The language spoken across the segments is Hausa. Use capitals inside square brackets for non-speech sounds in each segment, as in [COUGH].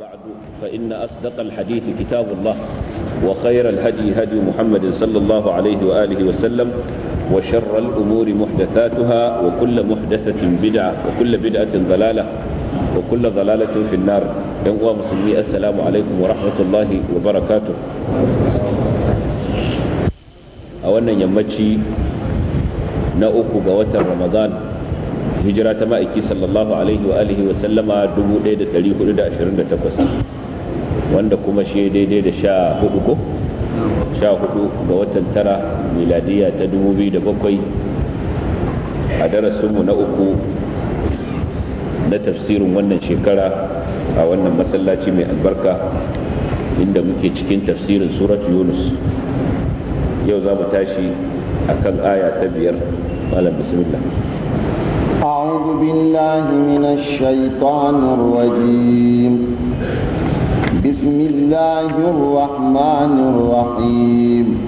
بعد فإن أصدق الحديث كتاب الله وخير الهدي هدي محمد صلى الله عليه وآله وسلم وشر الأمور محدثاتها وكل محدثة بدعة وكل بدعة ضلالة وكل ضلالة في النار ينقوى مسلمي السلام عليكم ورحمة الله وبركاته أولا يمتشي نأخو بوتر رمضان hijira ta ma'aiki sallallahu alaihi wa alihi wa sallama 1428 wanda kuma shi daidai da sha hudu ko sha hudu ga watan tara miladiya ta da 2007 a darasinmu na uku na tafsirin wannan shekara a wannan masallaci mai albarka inda muke cikin tafsirin surat yunus yau za mu tashi akan aya ta biyar malam bismillah أعوذ بالله من الشيطان الرجيم بسم الله الرحمن الرحيم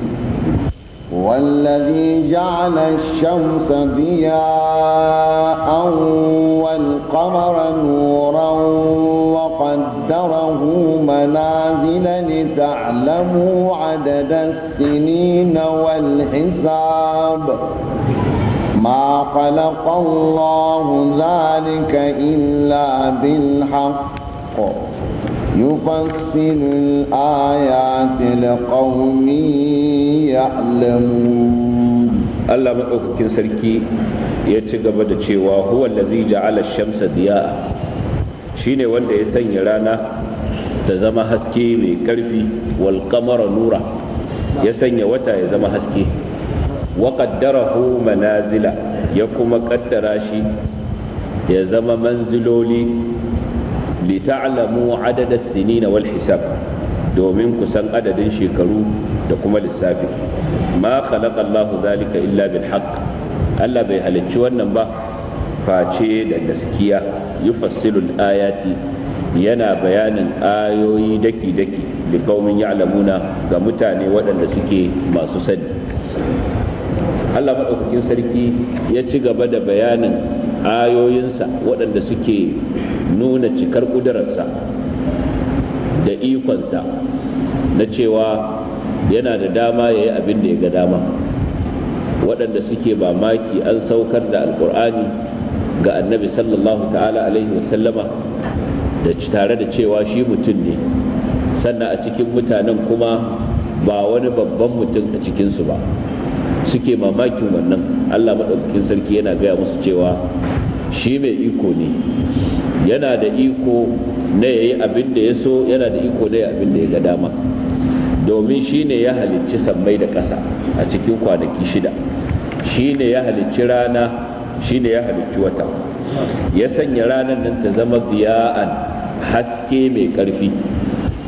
والذي جعل الشمس ضياء والقمر نورا وقدره منازل لتعلموا عدد السنين والحساب ما خلق الله ذلك إلا بالحق يفصل الآيات لقوم يعلمون الله مدوكين سركي يتغبى دشيوا هو الذي جعل الشمس ضياء shine wanda ya sanya rana ta zama haske mai karfi wal kamara nura ya sanya wata ya zama haske wa qaddarahu manazila ya kuma kaddara shi ya zama manziloli li ta'lamu adada sinin wal hisab domin kusan adadin shekaru da kuma lissafi ma khalaqa Allahu zalika illa bil haqq Allah bai halicci wannan ba face da gaskiya yi yufassilul ayati yana bayanin ayoyi daki-daki li qaumin ya'lamuna ga mutane waɗanda suke masu sani Allah maɗaukakin sarki ya ci gaba da bayanin ayoyinsa waɗanda suke nuna cikar ƙudurarsa da ikonsa na cewa yana da dama ya yi abin da ya ga dama waɗanda suke mamaki an saukar da alƙur'ani ga annabi sallallahu ta'ala alaihi wasallama da tare da cewa shi mutum ne sannan a cikin mutanen kuma ba wani babban mutum a cikinsu ba suke mamakin wannan Allah maɗaukakin sarki yana gaya musu cewa shi mai iko ne yana da iko na yi abin da ya so yana da iko na ya abin da ya ga dama domin shi ne ya halicci sammai da ƙasa a cikin kwanaki shida shi ne ya halicci rana shi ne ya halicci wata ya sanya ranar nan ta zama biya'an haske mai ƙarfi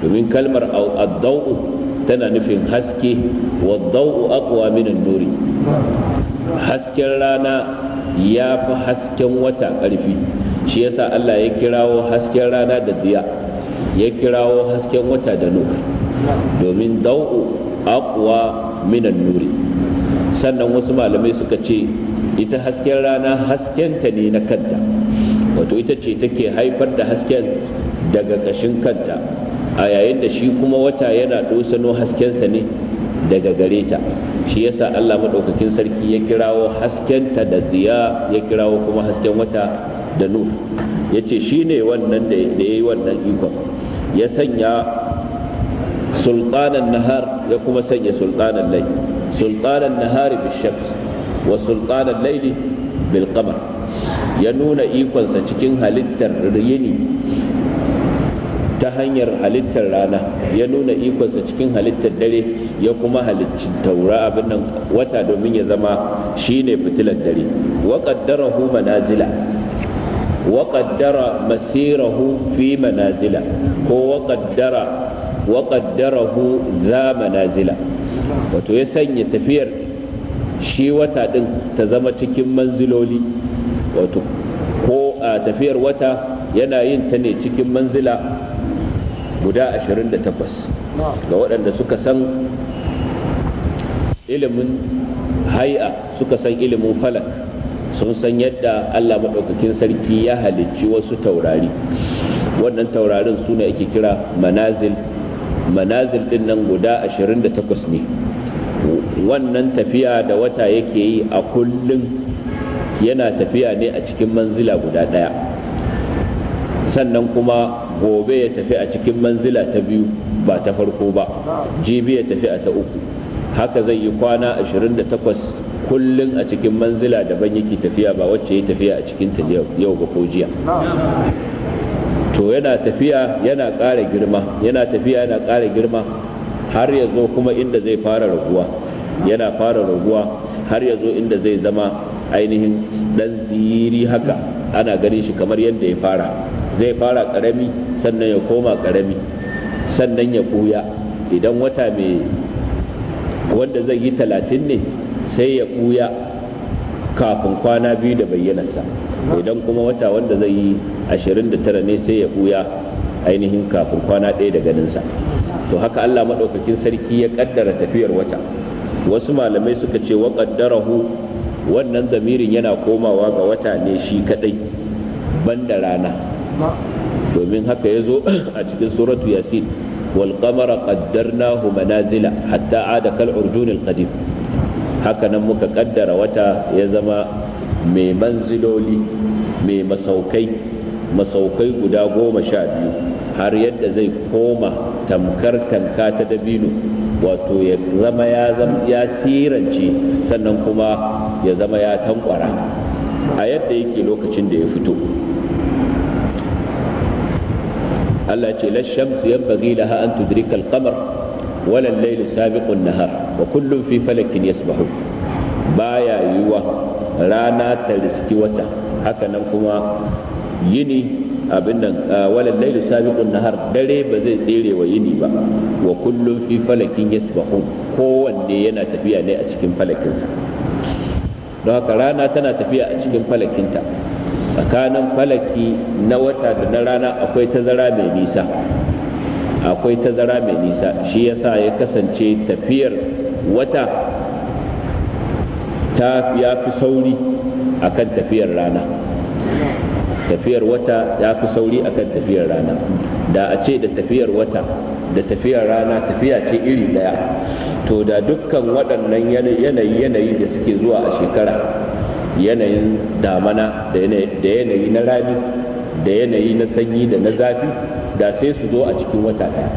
domin kalmar addau'u tana nufin haske wa daw'u aqwa min nuri hasken rana ya fi hasken wata ƙarfi shi yasa Allah ya kirawo hasken rana da diya ya kirawo hasken wata da nur domin da'u aqwa min nuri sannan wasu malamai suka ce ita hasken rana haskenta ne na kanta wato ita ce take haifar da hasken daga ƙashin kanta a yayin da shi kuma wata yana dosano haskensa ne daga gare ta shi yasa Allah maɗaukakin sarki ya kirawo haskenta da ziya ya kirawo kuma hasken wata da nur ya ce shi ne wannan da ya yi wannan ikon ya sanya sultanan nahar ya kuma sanya sultanan lai sultanan nahari bishams wa sultanan laili qamar ya nuna ikonsa cikin halittar yini hanyar halittar rana ya nuna ikonsa cikin halittar dare ya kuma halicci taura abin nan wata domin ya zama shine fitilar dare wa hu manazila wa qaddara masirahu fi manazila ko wa qaddara wa za manazila wato ya sanya tafiyar shi wata din ta zama cikin manziloli wato ko a tafiyar wata yana yin ta ne cikin manzila guda 28 ga waɗanda suka san ilimin hai'a suka san ilimin falak sun san yadda Allah maɗaukakin sarki ya halicci wasu taurari wannan taurarin suna ake kira manazil manazil ɗin nan guda 28 ne wannan tafiya da wata yake yi a kullum yana tafiya ne a cikin manzila guda ɗaya sannan kuma gobe ya tafi a cikin manzila ta biyu ba ta farko ba jibi ya tafi a ta uku haka zai yi kwana 28 kullum a cikin manzila daban yake tafiya ba wacce ya tafiya a cikin ta yau ba ko jiya to yana tafiya yana ƙara girma yana tafiya yana ƙara girma har ya zo kuma inda zai fara raguwa yana fara raguwa har ya zo inda zai zama ainihin ɗan ziri haka ana ganin shi kamar yadda ya fara zai fara karami sannan ya koma karami sannan ya buya idan wata mai wanda zai yi talatin ne sai ya buya kafin kwana biyu da bayyanarsa idan kuma wata wanda zai yi ashirin da tara ne sai ya buya ainihin kafin kwana ɗaya da ganinsa to haka allah maɗaukakin sarki ya ƙaddara tafiyar wata wasu malamai suka ce wa ƙaddarahu wannan zamirin yana komawa ga wata ne shi kadai banda rana domin haka ya zo [CLEARS THROAT] a cikin suratu yasin wal qamara qaddarnahu manazila hatta ada kal urjunil qadim haka nan muka ƙaddara wata ya zama mai manziloli mai masaukai masaukai guda goma sha biyu har yadda zai koma tamkar tanka ta dabino wato ya zama ya sirance sannan kuma ya zama ya tankwara a yadda yake lokacin da ya fito Allah ce la yan bagi laha an tudrika al walan laili al nahar wa kullum fi falakin yasbahun baya yiwa rana ta riski wata haka nan kuma yini abin nan walan laili sabiqun nahar dare ba zai tsere wa yini ba wa kullum fi falakin yasbahun kowanne yana tafiya ne a cikin falakinsa don haka rana tana tafiya a cikin falakinta tsakanin falaki na wata da na rana akwai tazara mai nisa akwai tazara mai nisa shi yasa ya kasance tafiyar wata ta ya fi sauri akan tafiyar rana tafiyar wata ya fi sauri akan tafiyar rana da a ce da tafiyar wata da tafiyar rana tafiya ce iri daya to da dukkan waɗannan yanayi yanayi da suke zuwa a shekara yanayin damana da yanayi na rani da yanayi na sanyi da na zafi da sai su zo a cikin wata ɗaya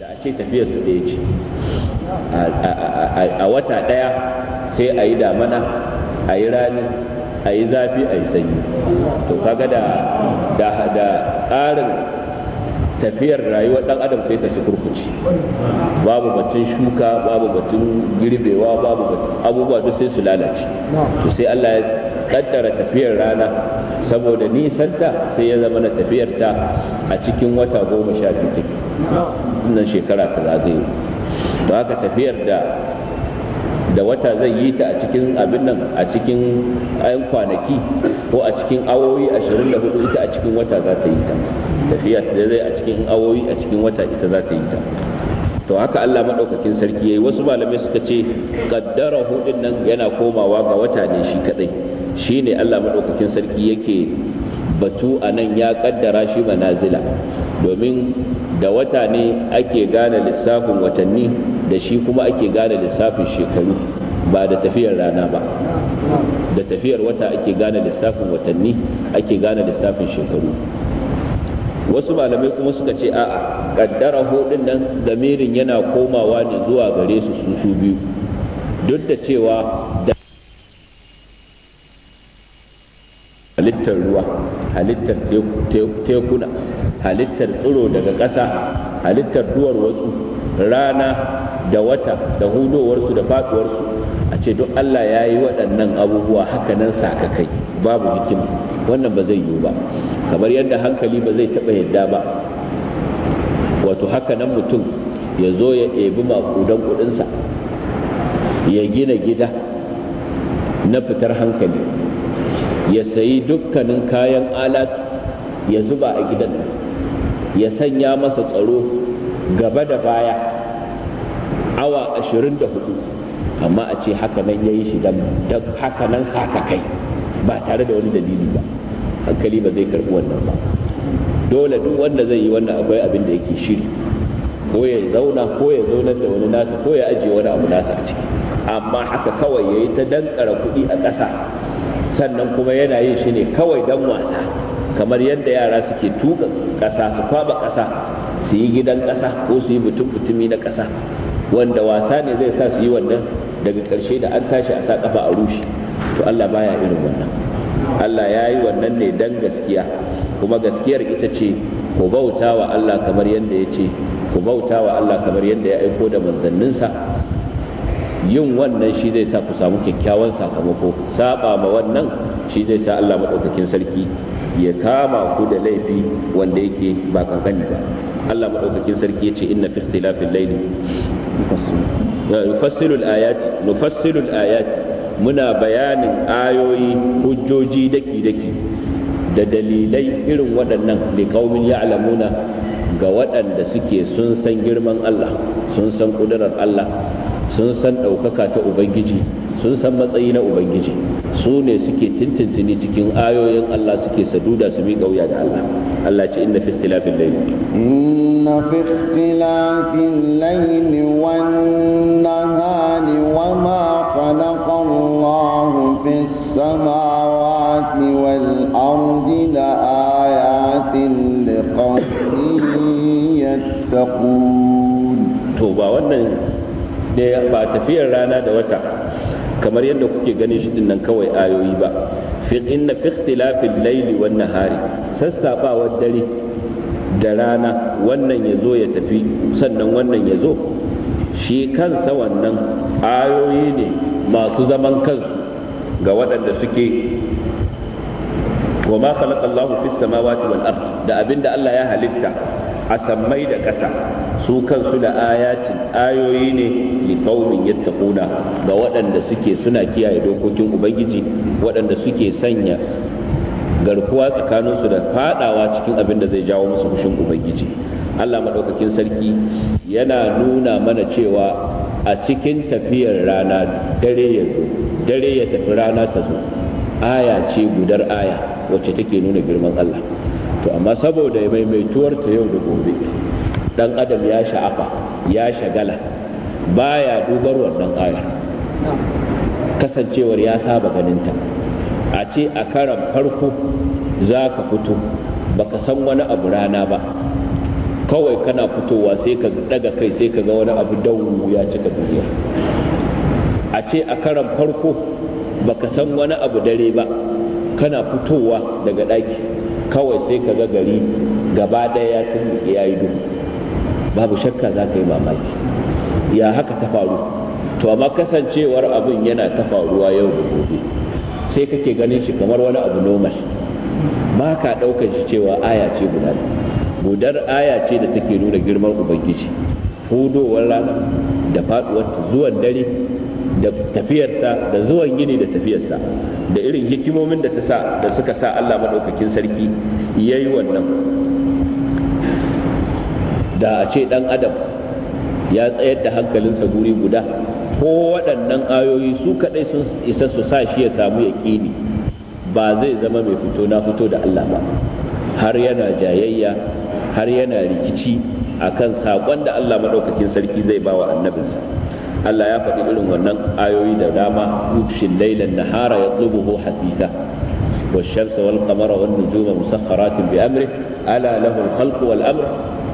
da a ce tafiyar su ɗaya ce a wata ɗaya sai a yi damana a yi rani a yi zafi a yi sanyi to kaga da da tsarin tafiyar rayuwar dan adam sai ta sukurkuci babu batun shuka babu batun girbewa babu batun abubuwa duk sai su lalace to sai Allah ya kaddara tafiyar rana saboda nisanta sai ya zama na tafiyar ta a cikin wata goma sha biyu take wannan shekara ta zagaye to haka tafiyar da da wata zai yi ta a cikin abin nan a cikin ayan kwanaki ko a cikin awowi 24 ita a cikin wata za ta yi ta tafiya da zai a cikin awowi a cikin wata ita za ta yi ta to haka Allah madaukakin sarki yayi wasu malamai suka ce kaddara hudin nan yana komawa ga wata ne shi kadai shine Allah madaukakin sarki yake batu a nan ya kaddara shi manazila domin da wata ne ake gane lissafin watanni da shi kuma ake gane lissafin shekaru ba da tafiyar rana ba da tafiyar wata ake gane lissafin watanni ake gane lissafin shekaru wasu malamai kuma suka ce a'a kaddara hudun nan damirin yana komawa ne zuwa gare su su biyu duk da cewa da halittar ruwa halittar tekuna halittar tsiro daga ƙasa halittar duwar wasu rana da wata da hudowarsu da faduwarsu a ce duk Allah ya yi waɗannan abubuwa hakanan sakakai babu hikima wannan ba zai yiwu ba kamar yadda hankali ba zai taɓa yadda ba wato hakanan mutum ya zo ya ɗebi makudan kuɗinsa ya gina gida na fitar hankali ya sayi dukkanin kayan alat ya zuba a gidan ya sanya masa tsaro gaba da baya awa 24 amma a ce haka nan ya yi shi dan haka nan saka kai ba tare da wani dalili ba hankali ba zai karbi wannan ba dole duk wanda zai yi wannan akwai abin da yake shiri ko ya zauna ko ya zaunar da wani nasa ko ya ajiye wani abu nasa a ciki amma haka kawai ya yi ta dankara kuɗi a kasa sannan kuma yana yin shi ne kawai dan wasa kamar yadda yara suke tuka ƙasa su kwaba kasa su yi gidan ƙasa ko su yi mutum mutumi na ƙasa wanda wasa ne zai sa su yi wannan daga ƙarshe da an tashi a sa kafa a rushe to Allah baya irin wannan Allah ya yi wannan ne dan gaskiya kuma gaskiyar ita ce ku bauta wa Allah kamar yadda ya ce ku bauta wa Allah kamar yadda ya aiko da manzanninsa yin wannan shi zai sa ku samu kyakkyawan sakamako saba ma wannan shi zai sa Allah maɗaukakin sarki ya kama ku da laifi wanda yake ba kankani ba Allah maɗaukakin sarki ya ce inna fi ikhtilafil layli nufassilu ayat ayat muna bayanin ayoyi hujjoji daki daki da dalilai irin waɗannan liqaumin ya'lamuna ga waɗanda suke sun san girman Allah sun san ƙudurar Allah sun san ɗaukaka ta Ubangiji sun san matsayi na ubangiji su ne suke tintintini cikin ayoyin Allah suke saduda su miƙa wuya da Allah Allah ce inna fi ikhtilafil layli inna fi ikhtilafil layli hali nahari wa ma khalaqa Allahu fis samawati wal ardi da ayatin liqawmin yattaqun to ba wannan da ba tafiyar rana da wata kamar yadda kuke ganin shi dinnan kawai ayoyi ba fi inna fi ikhtilafil layli wan nahari sassabawar dare da rana wannan ya zo ya tafi sannan wannan ya zo shi kansa wannan ayoyi ne masu zaman kansu ga waɗanda suke wa ma khalaqallahu fis samawati wal ard da abinda Allah ya halitta a sammai da ƙasa su kansu da ayatin ayoyi ne yadda yattaquna ga waɗanda suke suna kiyaye dokokin ubangiji waɗanda suke sanya garkuwa tsakaninsu da fadawa cikin abin da zai jawo musu kushin ubangiji allah maɗaukakin sarki yana nuna mana cewa a cikin tafiyar rana dare ya zo dare ya tafi rana ta zo aya ce gudar aya wacce take nuna girman allah to amma saboda maimaituwar ta yau da gobe dan adam ya sha'afa ya shagala baya dubar wannan ayar kasancewar ya saba ganinta a ce a karan farko za ka fito baka san wani abu rana ba kawai kana fitowa sai ka daga kai sai ka ga wani abu dawo ya cika duniya a ce a karan farko baka san wani abu dare ba kana fitowa daga ɗaki kawai sai ka ga gari gaba ɗaya ya tumbuke ya yi duhu babu shakka za ka yi mamaki ya haka ta faru to amma kasancewar abin yana ta faruwa yau da gobe sai kake ganin shi kamar wani abu nomal ba ka ɗaukar shi cewa aya ce guda budar aya ce da take nuna girman ubangiji hudowar rana da faduwar zuwan dare da tafiyarsa da zuwan gini da tafiyarsa da irin hikimomin da ta sa da suka sa Allah maɗaukakin sarki ya yi wannan da a ce ɗan adam ya tsayar da hankalinsa guri guda ko waɗannan ayoyi su kaɗai sun isa su sa shi ya samu yaƙini ba zai zama mai fito na fito da Allah ba har yana jayayya har yana rikici akan saƙon da Allah maɗaukakin sarki zai ba wa annabinsa. Allah ya faɗi irin wannan ayoyi da dama yukshin lailan nahara yatlubuhu hasita والشمس والقمر والنجوم مسخرات بأمره ألا له الخلق والأمر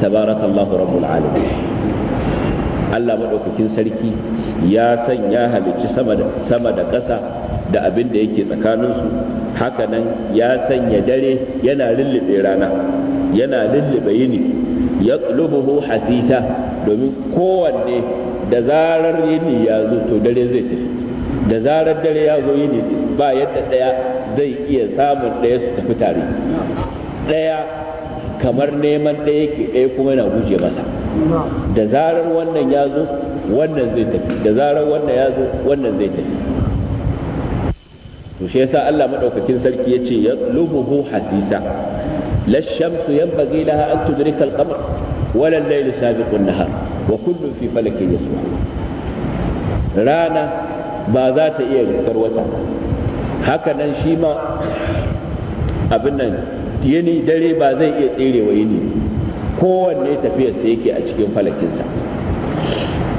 تبارك الله رب العالمين Allah maɗaukakin sarki ya sanya halicci sama da ƙasa da abin da yake tsakanin tsakaninsu hakanan ya sanya dare yana lullube rana yana lullube yini ya hasita domin kowanne da zarar yini ya zo to dare zai tafi da zarar dare ya zo yini ba yadda ɗaya zai iya samun ɗaya su tafi tare ɗaya kamar neman ɗaya ke ɗaya kuma yana guje masa da zarar wannan ya zo wannan zai tafi da zarar wannan ya zo wannan zai tafi to shi yasa Allah madaukakin sarki yace lubuhu hasisa la shamsu yanbaghi laha an tudrika al-qamar wala al-layl sabiqu an-nahar wa kullum fi falakin yasma rana ba za ta iya rikar wata haka nan shi ma abin nan yini dare ba zai iya tserewa yini kowanne tafiyar sa yake a cikin falakinsa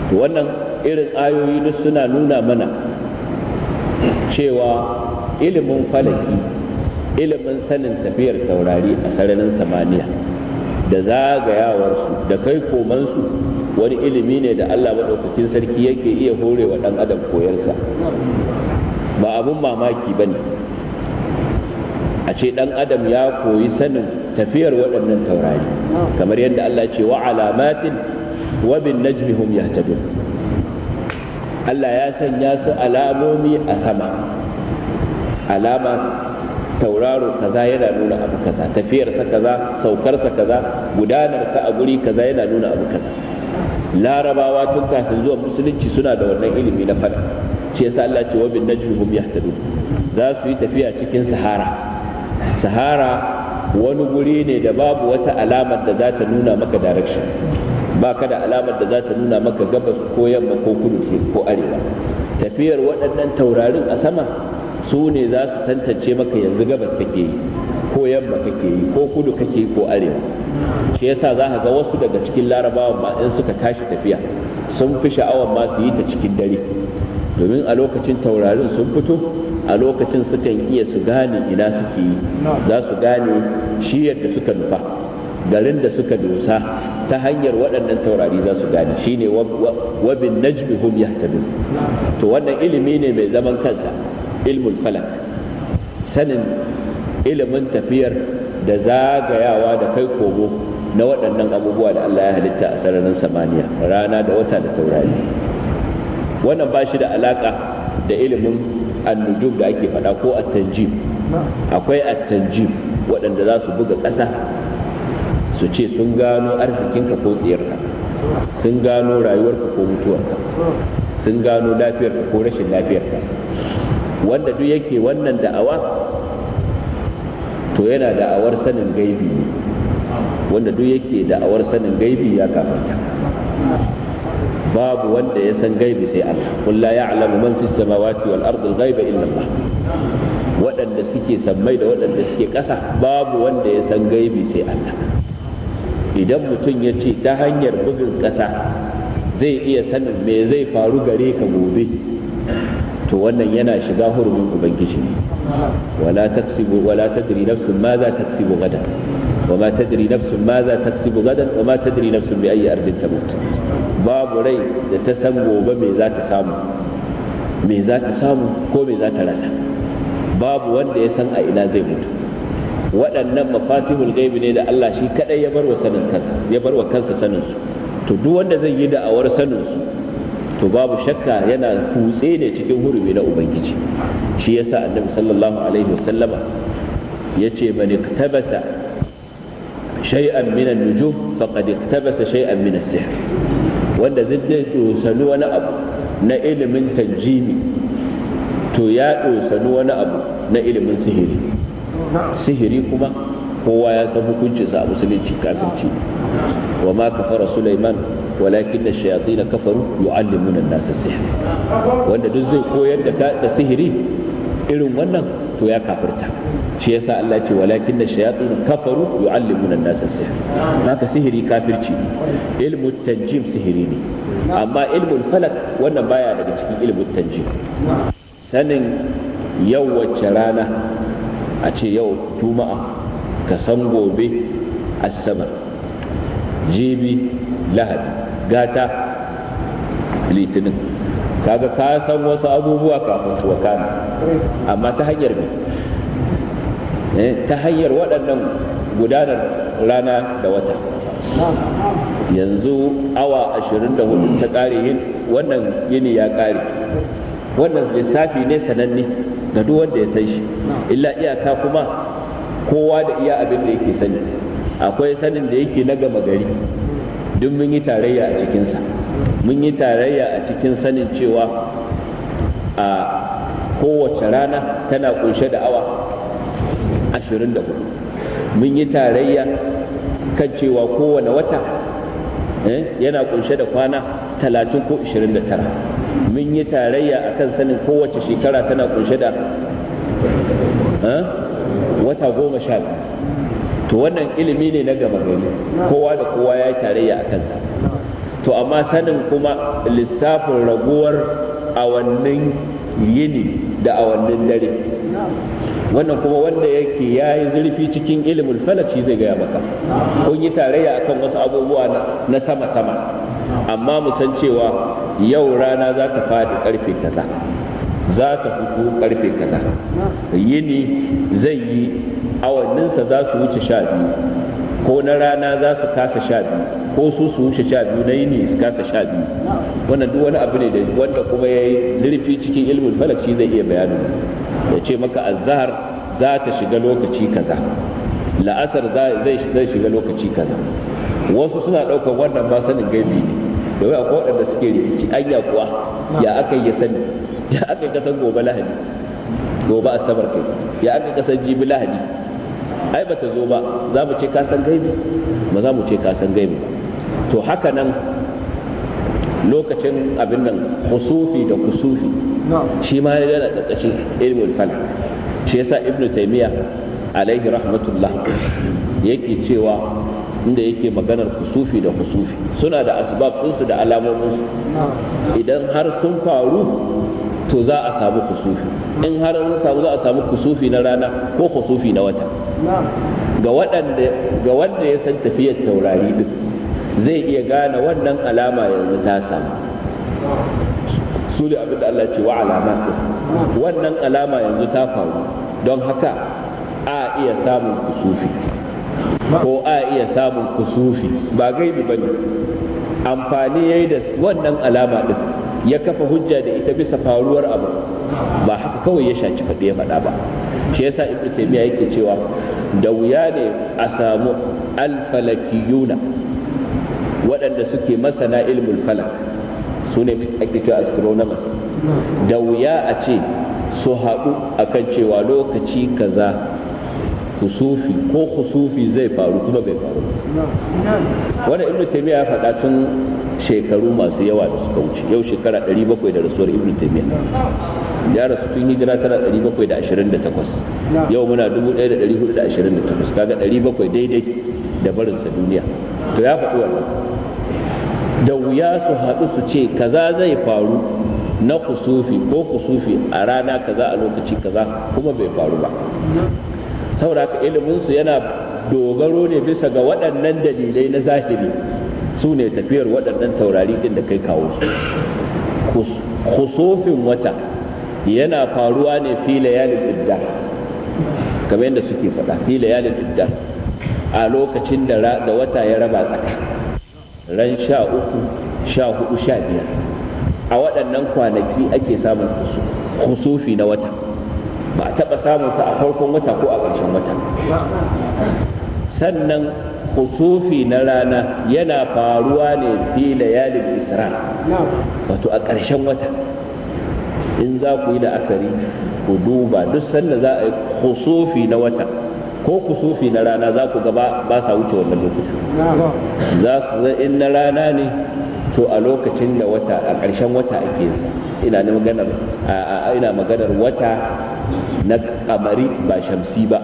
to wannan irin ayoyi duk suna nuna mana cewa ilimin falaki ilimin sanin tafiyar taurari a sararin samaniya da zagayawarsu da kai komansu wani ilimi ne da Allah maɗaukakin sarki yake iya horewa ɗan adam koyarsa ba abun mamaki ba ne a ce ɗan adam ya koyi sanin tafiyar waɗannan taurari kamar yadda Allah ce wa alamatin wa bin najmihum yahtadun Allah ya sanya su alamomi a sama alama tauraro kaza yana nuna abu kaza tafiyarsa kaza saukarsa kaza gudanarsa a guri kaza yana nuna abu kaza larabawa tun kafin zuwa musulunci suna da wannan ilimi na fada shi yasa Allah ce wa bin najmi hum yahtadun za su yi tafiya cikin sahara sahara wani guri ne da babu wata alamar da za ta nuna maka direction ba ka da alamar da za ta nuna maka gabas ko yamma ko kudu ko arewa tafiyar waɗannan taurarin a sama su ne za su tantance maka yanzu gabas kake yi ko yamma kake yi ko kudu kake yi ko arewa shi yasa za ka ga wasu daga cikin larabawa ba in suka tashi tafiya sun fi sha'awar ma su yi ta cikin dare domin a lokacin taurarin sun fito a lokacin sukan iya su gane ina suke yi za su gane shi yadda suka nufa garin da suka dosa ta hanyar waɗannan taurari za su gane ne wabin najmi hum yahtadun to wannan ilimi ne mai zaman kansa ilmul falak sanin ilimin tafiyar da zagayawa da kai kogo na waɗannan abubuwa da Allah ya halitta a sararin samaniya rana da wata da taurari wannan ba shi da alaƙa da ilimin annujum da ake faɗa ko attanjim akwai attanjim waɗanda za su buga ƙasa su ce sun gano arzikinka ko tsiyarka sun gano rayuwarka ko mutuwarka sun gano lafiyarka ko rashin lafiyarka wanda duk yake wannan da'awa to yana da'awar sanin gaibi ne wanda duk yake da'awar sanin gaibi ya kafarta babu wanda ya san gaibi sai Allah qul la ya'lamu man fis samawati wal ardi al ghaiba illa Allah waɗanda suke sammai da waɗanda suke ƙasa babu wanda ya san gaibi sai Allah idan mutum ya ce ta hanyar bugun ƙasa zai iya sanin me zai faru gare ka gobe to wannan yana shiga hurumin ubangiji ne wala taksibu wala tadri nafsun ma za taksibu gadan wa ma tadri nafsun ma za taksibu gadan wa ma tadri nafsun bi ayi ardin tamut babu rai da ta san gobe me za ta samu me za ta samu ko me za ta rasa babu wanda ya san a ina zai mutu waɗannan mafatihul gaibi ne da Allah shi kadai ya bar wa sanin kansa ya bar wa kansa sanin su to duk wanda zai yi da'awar sanin su to babu shakka yana kutse ne cikin hurumi na ubangiji shi yasa annabi sallallahu alaihi wasallama ce man iktabasa shay'an min an-nujum faqad iktabasa shay'an min as-sihr wanda zai dosani wani abu na ilimin tanjimi to ya dosani wani abu na ilimin sihiri sihiri kuma kowa ya san hukuncinsa a musulunci kafirci wa ma kafara Sulaiman walakin da shayatsi na kafaru yu'allimuna nasa sihir wanda duk zai koyar da sihiri irin wannan to ya kafirta shi yasa Allah ce walakin da na kafaru yu'allimuna an-nasa sihr haka sihiri kafirci ne ilmu tanjim sihiri ne amma ilmu falak wannan baya daga cikin ilmu tanjim sanin yau wacce rana a ce yau juma'a ka san gobe asabar jibi lahadi gata litinin kaga ka san wasu abubuwa kafin su kana amma ta hanyar ne eh, ta hanyar waɗannan gudanar rana da wata yanzu awa 24 ta ƙare yin wannan yini ya ƙare wannan lissafi ne sananne ga duk wanda ya san shi illa iyaka kuma kowa da iya abin da yake sani akwai sanin da yake na gama gari duk mun yi tarayya a cikinsa mun yi tarayya a cikin sanin cewa a kowace rana tana kunshe da awa 24 mun yi tarayya kan cewa kowane wata eh, yana kunshe da kwana 30 ko 29 mun yi tarayya a kan sanin kowace shekara tana kunshe da eh, wata goma sha biyu to wannan ilimi ne na gama gari kowa da kowa ya tarayya a kansa to amma sanin kuma lissafin raguwar awannin yini da awannin dare wannan kuma wanda yake ya yi zurfi cikin ilimin falaci zai gaya maka kun yi tarayya akan wasu abubuwa na sama-sama amma musan cewa yau rana za ta faɗi karfe kaza za ta fito karfe kaza yini zai yi awanninsa za su wuce sha biyu ko na rana za su kasa sha biyu ko su su wuce sha biyu na yini su kasa sha biyu wannan duk wani abu ne da wanda kuma ya yi zurfi cikin ilimin falaci zai iya bayani ya ce maka azhar za ta shiga lokaci kaza la'asar zai shiga lokaci kaza wasu suna ɗaukar wannan ba sanin gaibi ne wai akwai waɗanda suke rikici anya kuwa ya aka yi sani ya aka kasan gobe lahadi gobe asabar kai ya aka kasan jibi lahadi ai bata zo ba za mu ce ka san gaibi ba za mu ce ka san gaibi to haka nan lokacin abin nan kusufi da kusufi shi ma ya gana karkashin ilmul falak shi yasa ibnu taymiya alaihi rahmatullah yake cewa inda yake maganar kusufi da kusufi suna da asbab ɗinsu da alamomin idan har sun faru to za a samu kusufi in har an samu za a samu kusufi na rana ko kusufi na wata ga wanda ya san tafiyar taurari din zai iya gane wannan alama yanzu ta samu su ne abinda Allah ce wa alama wannan alama yanzu ta faru don haka a iya samun kusufi ko a iya samun kusufi ba gaibi ba ne amfani ya yi da wannan alama din ya kafa hujja da ita bisa faruwar abu ba haka kawai ya shaci faɗi ya faɗa ba shi yasa ibnu taymiya yake cewa da wuya ne a samu alfalakiyuna waɗanda suke masana ilmul falak su ne ake cewa astronomers da wuya a ce su haɗu akan cewa lokaci kaza kusufi ko kusufi zai faru kuma bai faru wanda ibn taymiya ya faɗa tun shekaru masu yawa da suka wuce yau shekara 700 da rasuwar ibn taymiya ya rasu tun hijira tana 728 yau muna 1428 kaga 700 daidai da barinsa duniya to ya faɗi wannan da wuya su haɗu su ce kaza zai faru na kusufi ko kusufi a rana kaza a lokaci kaza kuma bai faru ba saboda haka iliminsu yana dogaro ne bisa ga waɗannan dalilai na zahiri su ne tafiyar waɗannan taurari din da kai kawo su kusofin wata yana faruwa ne fila layalin idda kamar yadda suke faɗa fi layalin idda a lokacin da wata ya raba tsaka ran sha uku sha hudu sha biyar a waɗannan kwanaki ake samun kusofi na wata ba a taɓa sa a farkon wata ko a ƙarshen wata sannan kusufi na rana yana faruwa ne fi layalin isra wato a ƙarshen wata in za ku yi la'akari ku duba duk sanda za a yi kusufi na wata ko kusufi na rana za ku ga ba sa wuce wannan lokuta za su in na rana ne to a lokacin da wata a ƙarshen wata ake yinsa ina maganar ina maganar wata na kamari ba shamsi ba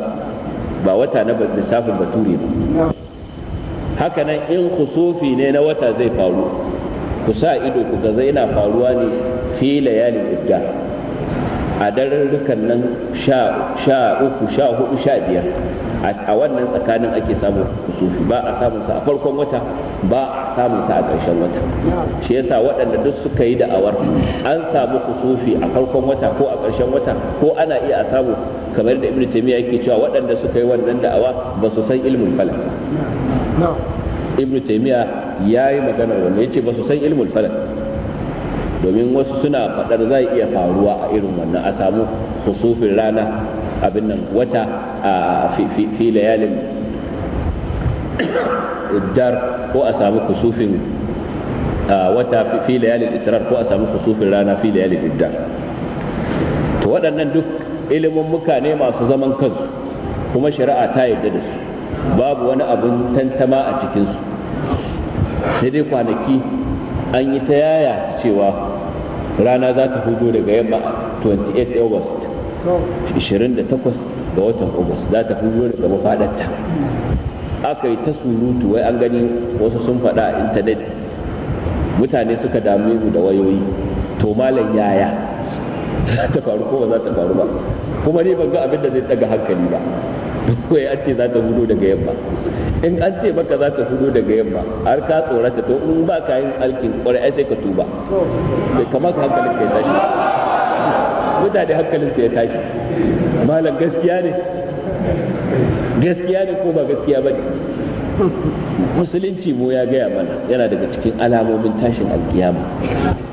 ba wata na lissafin bature ba haka nan in kusofi ne na wata zai faru ku sa ido ku ga zai faruwa ne fi layalin idda a daren rukan nan sha uku sha hudu sha biyar a wannan tsakanin ake samun kusufi ba a samun sa a farkon wata ba samun sa a ƙarshen wata shi yasa waɗanda duk suka yi da'awar an samu kusufi a farkon wata ko a ƙarshen wata ko ana iya a samu kamar da ibn taymiya yake cewa waɗanda suka yi wannan da'awa ba su san ilmul falak ibnu taymiya yayi maganar wannan yace ba su san ilmin falak domin wasu suna faɗar zai iya faruwa a irin wannan a samu kusufin rana abin nan wata a fi layalin dar ko a samu kusufin wata fi layalin israr ko a samu kusufin rana fi layalin iddar to waɗannan duk ilimin muka ne masu zaman kansu kuma shari'a ta yarda da su babu wani abun tantama a cikinsu sai dai kwanaki an yi ta yaya cewa rana za ta hudu daga yamma 28 august 28 ga watan august za ta hudu daga mafaɗarta aka yi ta surutu wai an gani wasu sun faɗa a intanet mutane suka damu mu da wayoyi to malam yaya [LAUGHS] za ta faru ko ba za ta faru ba kuma ni ban ga abin da zai daga hankali ba [LAUGHS] wai an ce za ta hudu daga yamma in an ce maka za ta hudu daga yamma har ka tsorata to in ba ka yin alkin kwarai ai sai ka tuba bai ka hankalin ka ya tashi mutane hankalin sa ya tashi malam gaskiya ne gaskiya ne ko ba gaskiya ba musulunci mu ya gaya mana yana daga cikin alamomin tashin alkiyama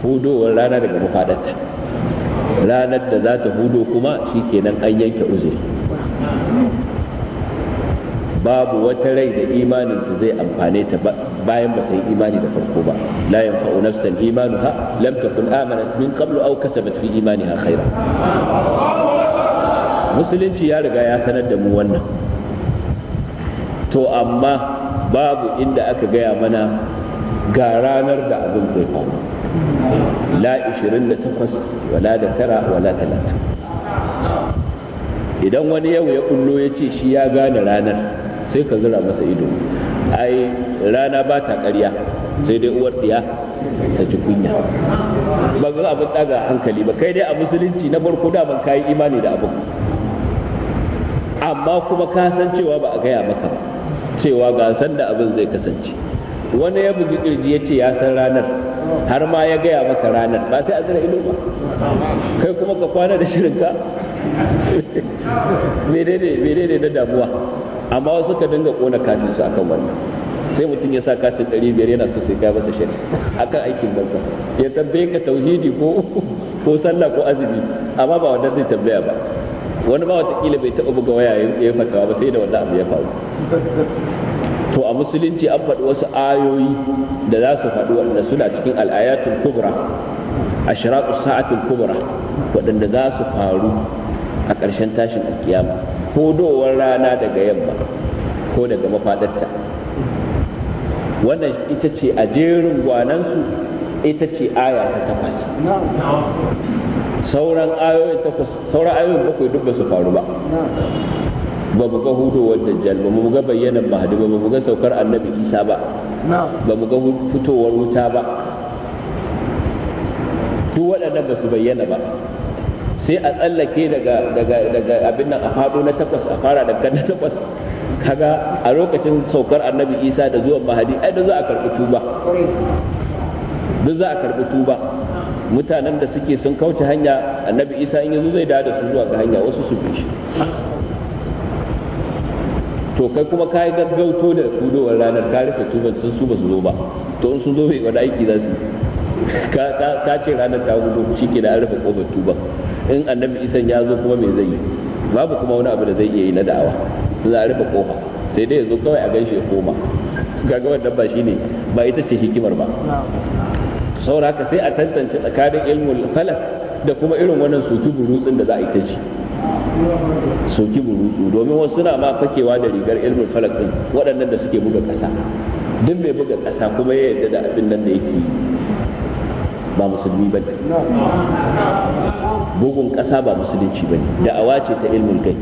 hudowar rana daga mafadarta, ranar da za ta hudo kuma shikenan an yanke uzuri babu wata rai da imanin ta zai amfane ta bayan ba ta yi imani da farko ba la yanfa'u nafsan ha, lam takun amanat min qablu aw kasabat fi imani ha khaira musulunci ya riga ya sanar da mu wannan to amma babu inda aka gaya mana ga ranar da abin zai faru la 28 wala da tara wala talatin idan wani yau ya kullo ya ce shi ya gane ranar sai ka zura masa ido ai rana ba ta ƙarya sai dai uwar diya ta ji kunya ba ga abin ɗaga hankali ba kai dai a musulunci na farko ban kayi imani da abin amma kuma ka san cewa ba a gaya maka ba cewa ga san da abin zai kasance wani ya bugi kirji ya ce ya san ranar har ma ya gaya maka ranar ba sai a zira ido ba kai kuma ka kwana da shirinka [LAUGHS] menene na damuwa amma wasu ka dinga kona katin su akan wannan sai mutum ya sa katin ɗari biyar yana so sai kai masa shari akan aikin banza ya tambaye ka tauhidi ko ko sallah ko azumi amma ba wanda zai tambaya ba wani ba watakila bai taɓa buga waya ya yi fatawa ba sai da wanda abu ya faru to a musulunci an faɗi wasu ayoyi da za su faɗi waɗanda suna cikin al'ayatul kubra ashraqu sa'atul kubra waɗanda za su faru a ƙarshen tashin ko dowar rana daga yamma ko daga mafaɗarta wannan ita ce a jerin gwanansu ita ce aya ta takwas sauran ayoyin takwas sauran ayoyin bakwai duk ba su faru ba ba mu ga hudu wanda jal ba mu ga bayyanan mahdi ba mu ga saukar annabi isa ba ba mu ga fitowar wuta ba duk waɗannan ba su bayyana ba sai a tsallake daga daga abin nan a faɗo na takwas a fara daga na takwas kaga a lokacin saukar annabi isa da zuwan mahadi ai da za a karɓi tuba duk za a karɓi tuba mutanen da suke sun kauce hanya annabi isa in yanzu zai da su zuwa ga hanya wasu su bi shi to kai kuma ka yi gaggauto da kudowar ranar ka rufe tuban sun su ba su zo ba to in sun zo bai wani aiki za su ka ce ranar ta gudu shi ke da an rufe kofar tuban in annabi isan ya zo kuma me zai yi babu kuma wani abu da zai iya yi na da'awa za a rufe kofa sai dai ya zo kawai a ya koma kaga wannan ba shine ba ita ce hikimar ba saboda haka sai a tantance tsakanin ilmul falak da kuma irin wannan soki burutsun da za a yi ta ci soki burutsu domin wasu suna ma fakewa da rigar ilmul falak din waɗannan da suke buga ƙasa duk mai buga ƙasa kuma ya yarda da abin nan da yake ba musulmi ba bugun ƙasa ba musulunci ba ne da'awa ce ta ilmul gani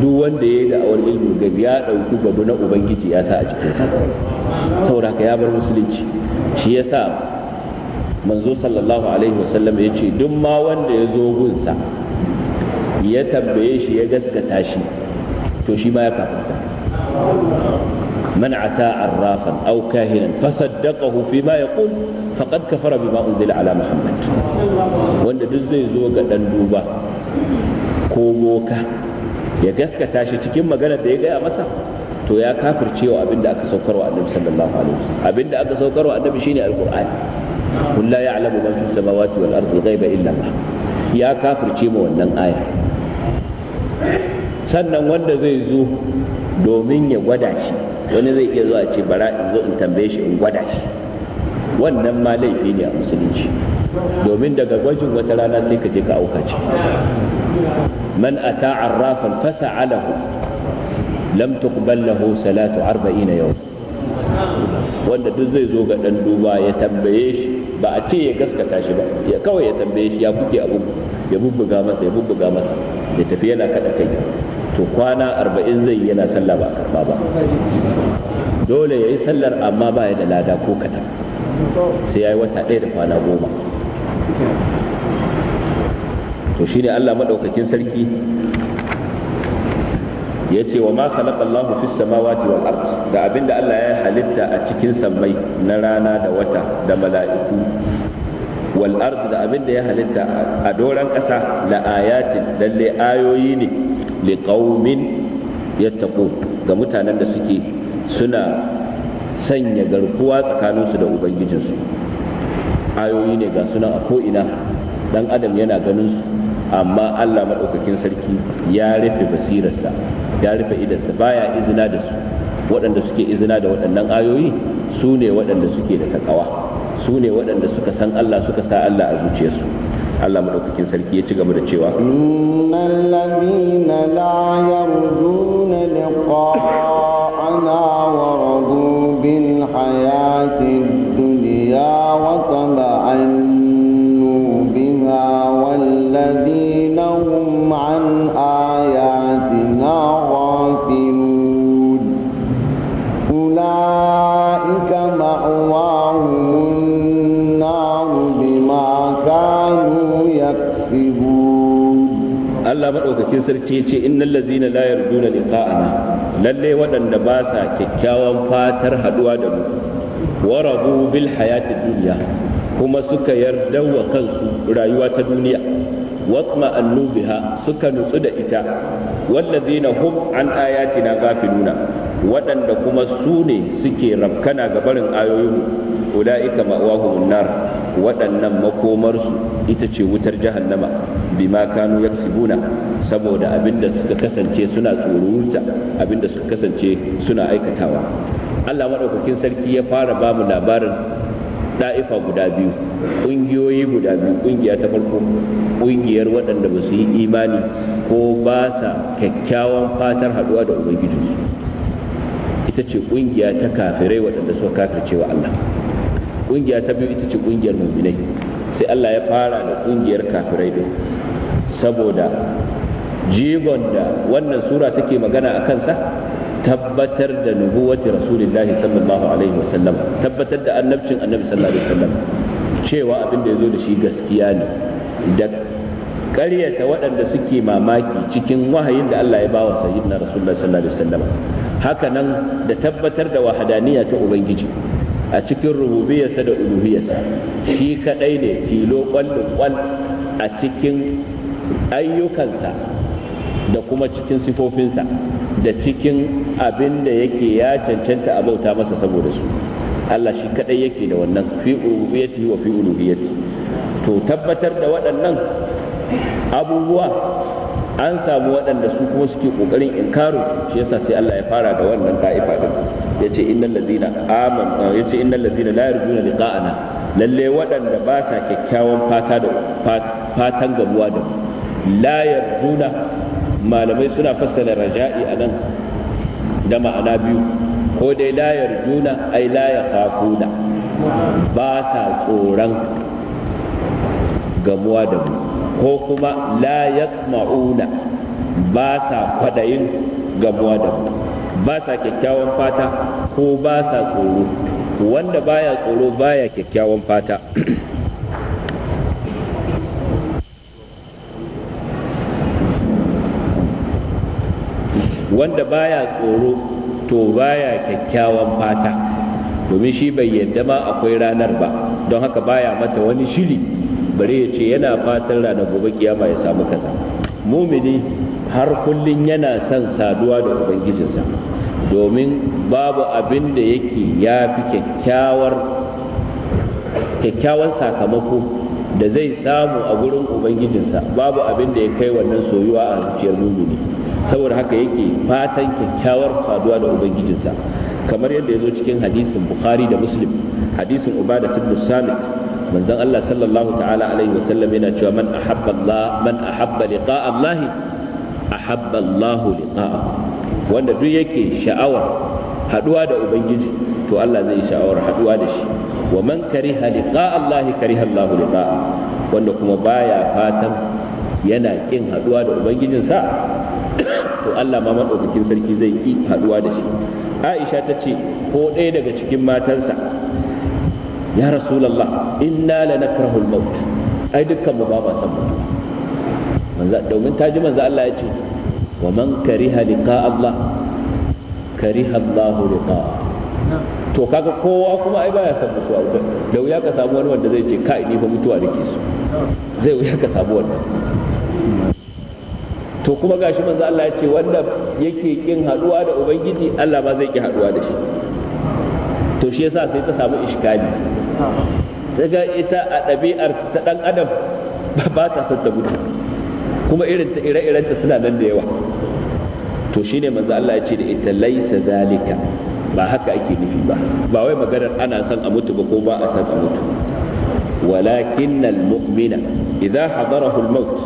duk wanda ya yi da'awar ilmul gani ya ɗauki babu na ubangiji ya sa a cikinsa saboda ka ya bar musulunci shi ya sa manzo sallallahu alaihi wasallam ya ce duk ma wanda ya zo gunsa ya tambaye shi ya gaskata shi to shi ma ya kafarta man ata arrafan aw kahinan fasaddaqahu fi ma yaqul faqad kafara bima unzila ala muhammad wanda duk zai zo ga dan duba ko boka ya gaskata shi cikin magana da ya gaya masa to ya kafircewa abinda aka saukarwa annabi sallallahu alaihi wasallam abinda aka saukarwa annabi shine alqur'ani kun la ya'lamu man fis samawati wal ardi ghaiba illa Allah ya kafirce ma wannan aya sannan wanda zai zo domin ya gwada shi wani zai iya zuwa ce bara in zo in tambaye shi in gwada shi wannan ma laifi ne a musulunci domin daga gwajin wata rana sai ka je ka auka ce man ata arrafan fasa alahu lam tuqbal lahu salatu arba'ina yau wanda duk zai zo ga dan duba ya tambaye shi ba a ce ya gaskata shi ba ya kawai ya tambaye shi ya buge abu ya bubbuga masa ya bubbuga masa ya tafi yana kada kai to kwana arba'in zai yana sallah ba karba ba dole ya yi sallar amma ba ya da lada ko kaɗan sai ya yi wata ɗaya da kwana goma to shine Allah maɗaukakin sarki ya ce wa ma khalaqa Allahu fis samawati wal ard da abinda Allah ya halitta a cikin sammai na rana da wata da mala'iku wal ard da abinda ya halitta a doran ƙasa la ayatin lalle ayoyi ne liqaumin yattaqun ga mutanen da suke suna sanya garkuwa tsakaninsu da ubangijinsu ayoyi ne ga suna a ko'ina dan adam yana ganin su amma Allah maɗaukakin sarki ya rufe basirarsa ya rufe idansa baya izina da su waɗanda suke izina da waɗannan ayoyi su ne waɗanda suke da takawa su ne waɗanda suka san Allah suka sa Allah a zuciyarsu Allah madaukakin sarki ya ci gaba da cewa innal ladina la yarjuna liqa'ana wa bil dunya wa hum 'an Allah madaukakin sarki ya ce innal ladzina la yarduna liqa'ana lalle waɗanda ba sa kyakkyawan fatar haduwa da mu warabu bil hayati dunya kuma suka yarda wa kansu rayuwa ta duniya watma'annu biha suka nutsu da ita wallazina hum an ayatina ghafiluna waɗanda kuma su ne suke rabkana ga barin ayoyinmu ula'ika ma'wahumun nar waɗannan makomarsu ita ce wutar jahannama bima kanu yaksibuna saboda abinda suka kasance suna tsoronta abinda suka kasance suna aikatawa Allah maɗaukakin sarki ya fara ba mu labarin da'ifa guda biyu ƙungiyoyi guda biyu ƙungiya ta farko ƙungiyar waɗanda ba su yi imani ko ba sa kyakkyawan fatar haɗuwa da ubangijinsu ita ce ƙungiya ta kafirai waɗanda suka kafircewa Allah kungiya ta biyu ita ce kungiyar mu'minai sai Allah ya fara da kungiyar kafirai din saboda jigon da wannan sura take magana a kansa tabbatar da nubuwati rasulullahi sallallahu alaihi wasallam tabbatar da annabcin annabi sallallahu alaihi wasallam cewa abin da ya zo da shi gaskiya ne da ƙaryata waɗanda suke mamaki cikin wahayin da Allah ya bawa sayyidina rasulullahi sallallahu alaihi wasallam haka nan da tabbatar da wahadaniya ta ubangiji a cikin rububiyarsa da uluhiyarsa shi kadai ne tilo kwal a cikin ayyukansa da kuma cikin sifofinsa da cikin abin da yake ya cancanta a bauta masa saboda su Allah shi kadai yake da wannan fi uluhiyati wa fi uluhiyati to tabbatar da waɗannan abubuwa an samu waɗanda su kuma suke in karo shi yasa sai Allah ya fara da wannan ta'ifa din yace innal ladina amanu ah, yace innal ladina la yarjuna liqa'ana lalle waɗanda ba sa kyakkyawan fata da fatan gabuwa da la yarjuna malamai suna fassara raja'i a nan da ma'ana biyu ko dai la yarjuna ay la yakhafuna ba sa tsoron gamuwa da mu ko kuma la yasma'una ba sa kwadayin gamuwa da mu ba sa kyakkyawan fata ko ba sa tsoro wanda baya tsoro baya kyakkyawan fata [CLEARS THROAT] wanda baya tsoro to baya kyakkyawan fata domin shi bai yadda ma akwai ranar ba don haka baya mata wani shiri bare ya ce yana fatan rana gobe kiyama ya samu kaza mumini har kullum yana son saduwa da ubangijinsa domin babu abin da yake ya fi kyakkyawar sakamako da zai samu a gurin ubangijinsa babu abin da ya kai wannan soyuwa a zuciyar mumini saboda haka yake fatan kyakkyawar saduwa da ubangijinsa kamar yadda ya zo cikin hadisin bukhari da muslim hadisin ubada tun samit manzon Allah sallallahu ta'ala alaihi sallam yana cewa man ahabba Allah man ahabba liqa Allah ahabba Allah liqa'a wanda duk yake sha'awar haduwa da ubangiji to Allah zai sha'awar haduwa da shi wa man kariha liqa'a Allah kariha Allah liqa'a, wanda kuma baya fatan yana kin haduwa da ubangijinsa to Allah ma madaukakin sarki zai ki haduwa da shi Aisha ta ce ko ɗaya daga cikin matansa ya rasulullah inna nakrahu al-maut ai dukkan mu ba ba san mutuwa manzo domin ji manzo Allah ya ce wa man kariha liqa Allah kariha Allah liqa to kaga kowa kuma ai baya san mutuwa da wuya ka samu wani wanda zai ce kai ni fa mutuwa nake so zai wuya ka samu wannan to kuma gashi manzo Allah ya ce wanda yake kin haduwa da ubangiji Allah ba zai ki haduwa da shi to shi yasa sai ta samu iskali daga ita a ɗabi'ar ta ɗan adam ba ta son ta gudu kuma irin ta ire-irenta suna nan da yawa to shine manzo Allah ya ce da ita laisa zalika ba haka ake nufi ba ba wai maganar ana son a mutu ba ko ba a son a mutu walakin almu'mina idza hadarahu almaut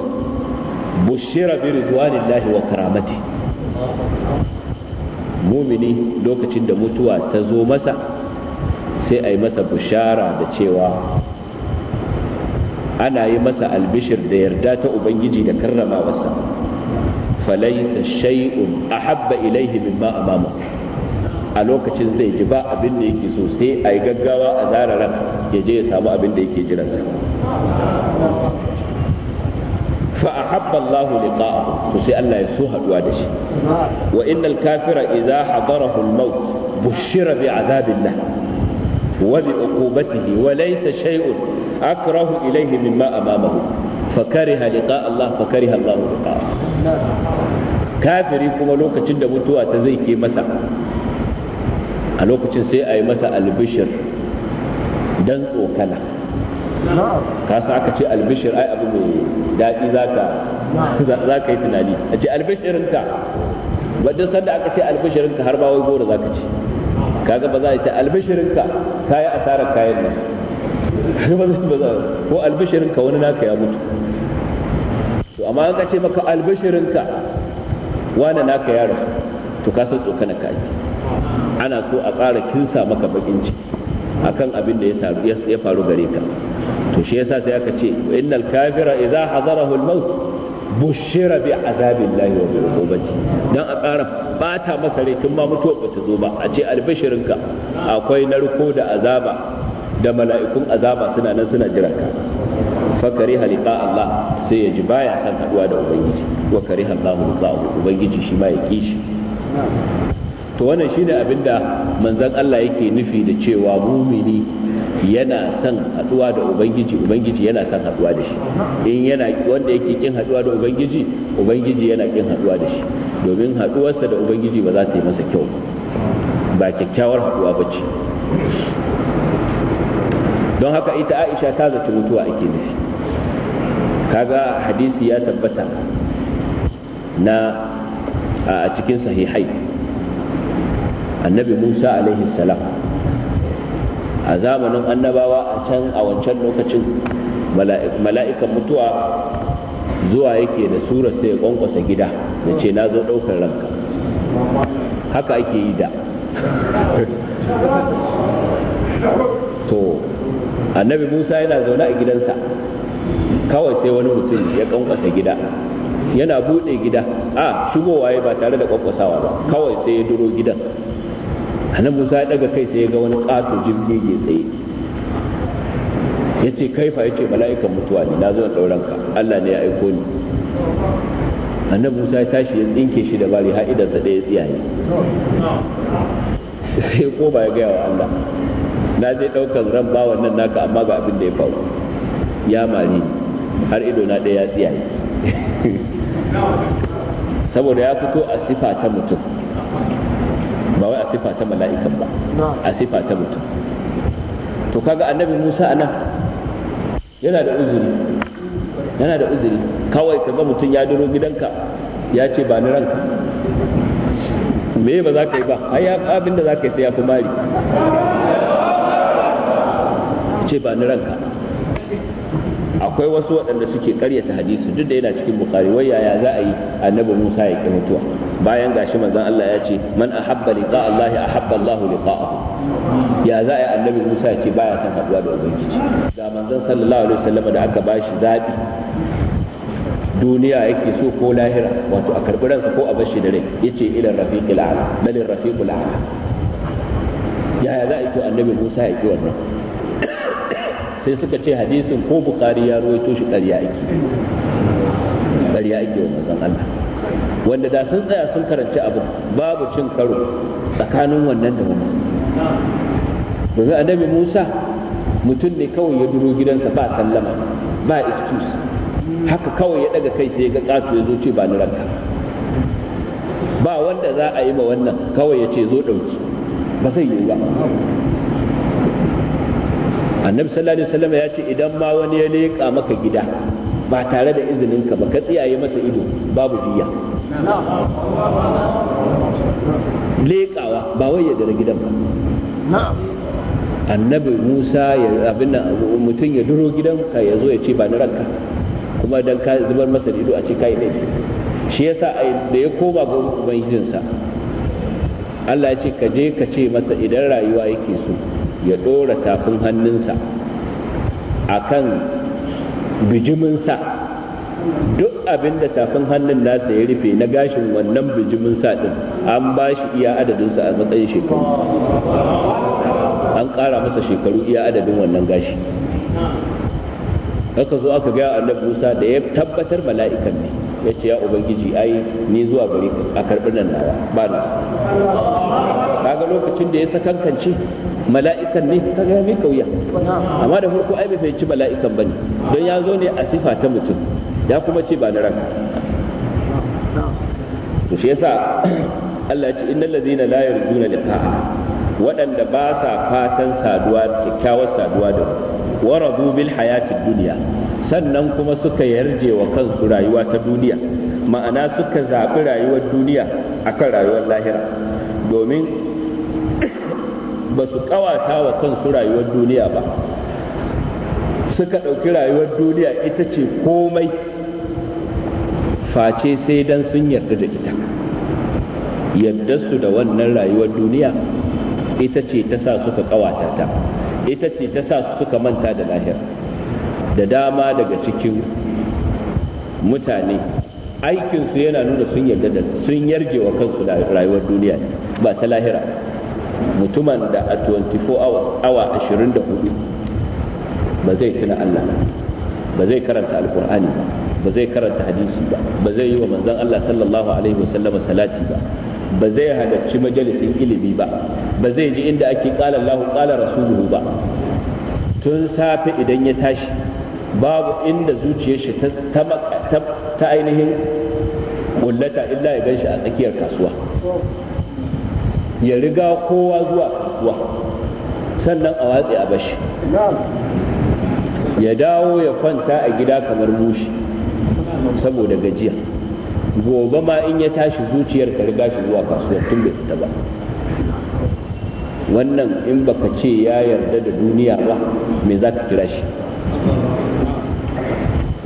bushira bi ridwanillahi wa karamati mu'mini lokacin da mutuwa ta zo masa sai a yi masa bushara da cewa ana yi masa albishir da yarda ta ubangiji da karrama wasa falaisa shay'un ahabba ilaihi mimma amama a lokacin zai ji ba abin da yake so sai a yi gaggawa a zara ran ya je ya samu abin da yake jiransa فأحب الله لقاءه فسي الله يسوها دوادش وإن الكافر إذا حضره الموت بشر بعذاب الله wa bi uqubatihi wa laysa shay'un akrahu ilayhi mimma amamahu fa kariha liqa Allah fa kariha Allah liqa kafiri kuma lokacin da mutuwa ta zai ke masa a lokacin sai a yi masa albishir dan tsokana ka aka ce albishir ai abu daɗi za tunani a ce albishirinka sanda aka ce har ba wai goro zaka ci. kaga ba za a ce albishirinka ka yi asarar kayan nan ko albishirinka wani naka ya mutu to amma an ka ce maka albishirinka wani naka ya rasu to ka san tsokana ka ake ana so a ƙara kinsa maka bakin ciki akan abin da ya faru gare ka to shi yasa sai aka ce innal kafira idza hadarahu al-maut bushira bi azabin lahi wa bi rububati dan a ƙara bata masa rai tun ma mutuwa bata zo ba a ce albishirinka akwai narko da azaba da mala'ikun azaba suna nan suna jira ka fakari halika Allah sai ya ji baya san haduwa da ubangiji wa kari Allahu liqa'ahu ubangiji shi ma ya kishi to wannan shine abinda manzon Allah yake nufi da cewa mumini yana son haduwa da ubangiji ubangiji yana son haduwa da shi in yana wanda yake kin haduwa da ubangiji ubangiji yana kin haduwa da shi domin haduwarsa da ubangiji ba za ta yi masa kyau ba kyakkyawar haduwa ba ce don haka ita aisha ta zaci mutuwa ake nufi kaga hadisi ya tabbata na a cikin sahihai annabi musa alaihi salam a zamanin annabawa a can a wancan lokacin mala'ikan mutuwa zuwa yake da sura sai ya kwankwasa gida da ce na zo ɗaukar ranka haka ake yi da to annabi musa yana zaune a gidansa kawai sai wani mutum ya kwankwasa gida yana buɗe gida a shigowa ya ba tare da kwankwasawa ba kawai sai ya duro gidan anan musa ya daga kai sai ya ga wani ƙato jirgin tsaye ya ce kaifa ya ce mala'ikan mutuwa ne na zo da ɗauranka allah ne ya aiko ni annabi musa ya tashi ya tsinke shi da bari har idansa ɗaya tsiyaye sai ya koma ya gaya wa allah na je ɗaukar ran bawan nan naka amma ga abin da ya faru ya mari har ido na ɗaya ya tsiyaye [LAUGHS] saboda ya fito a sifa ta mutum ba wai a sifa ta mala'ikan ba a sifa ta mutum to kaga annabi Musa a nan yana da uzuri yana da uzuri kawai kaga mutum ya duro gidanka ya ce ba ni ranka me ba za ka yi ba ai abin da za ka yi sai ya fi mari ce ba ni ranka akwai wasu waɗanda suke karyata hadisi duk da yana cikin bukari wai yaya za a yi annabi musa ya ƙi mutuwa bayan gashi manzon Allah ya ce man ahabba liqa Allah ahabba Allah liqa'ahu ya za a yi annabi musa ya ce baya son haɗuwa da ubangiji ga manzon sallallahu alaihi wasallam da aka bashi zabi duniya yake so ko lahira wato a karɓi ransa ko a bashi da rai yace ilan rafiqil a'la balin rafiqul a'la yaya za a yi to annabi musa ya ƙi wannan sai suka ce hadisin ko bukari ya ruwaito shi ƙarya ake ƙarya ake wa mazan Allah wanda da sun tsaya sun karanci abu babu cin karo tsakanin wannan da wannan domin annabi Musa mutum ne kawai ya duro gidansa ba sallama ba excuse haka kawai ya daga kai sai ya ga ƙato ya zo ce ba ni ranka ba wanda za a yi ma wannan kawai ya ce zo ɗauki ba zai yi ba annabi sallallahu alaihi wasallam ya ce idan ma wani ya leƙa maka gida ba tare da izinin ka ba ka tsiyaye masa ido babu diya leƙawa ba wai ya dare gidan ba annabi musa ya abin mutum ya duro ka ya zo ya ce ba ni ranka kuma dan ka zubar masa ido a ce kai ne shi yasa da ya koma ga ubangijinsa Allah ya ce ka je ka ce masa idan rayuwa yake so ya ɗora tafin hannunsa a kan bijiminsa duk abin da tafin hannun nasa ya rufe na gashin wannan bijimin ɗin an ba shi iya adadinsa a matsayin shekaru an ƙara masa shekaru iya adadin wannan gashi aka zo aka gaya annabi musa da ya tabbatar mala'ikan ne ya ce ya ubangiji ai ni zuwa gari a karɓi nan nawa ba na kaga lokacin da ya sakankance mala'ikan ne kaga ya mai kauya amma da farko ai bai fahimci mala'ikan bane don ya zo ne a sifa ta mutum ya kuma ce ba na ranka to shi yasa Allah ya ce innal ladina la yarjuna liqa'a waɗanda ba sa fatan saduwa kyakkyawar saduwa da wa radu bil hayatid dunya sannan kuma suka yarje wa kansu rayuwa ta duniya ma'ana suka zaɓi rayuwar duniya akan rayuwar lahira domin ba su kawata wa kansu rayuwar duniya ba suka ɗauki rayuwar duniya ita ce komai face sai dan sun yarda da ita yadda su da wannan rayuwar duniya ita ce ta sa suka kawata ta ita ce ta sa suka manta da lahira da dama daga cikin mutane aikinsu yana nuna sun yarda da sun yarje wa kansu rayuwar duniya ba ta lahira mutumin da a 24 hours awa 24 ba zai tuna Allah ba zai karanta alkur'ani ba ba zai karanta hadisi ba ba zai yi wa manzon Allah sallallahu alaihi wasallama salati ba ba zai halarci majalisin ilimi ba ba zai ji inda ake kala Allahu kala rasuluhu ba tun safe idan ya tashi babu inda zuciyar shi ta ainihin kullata illa ya ganshi a tsakiyar kasuwa ya riga kowa zuwa kasuwa sannan a watse a bashi ya dawo ya kwanta a gida kamar mushi saboda gajiya gobe ma in ya tashi zuciyar ka riga shi zuwa kasuwa tun bai fita ba wannan in baka ce ya yarda da duniya ba me za ka kira shi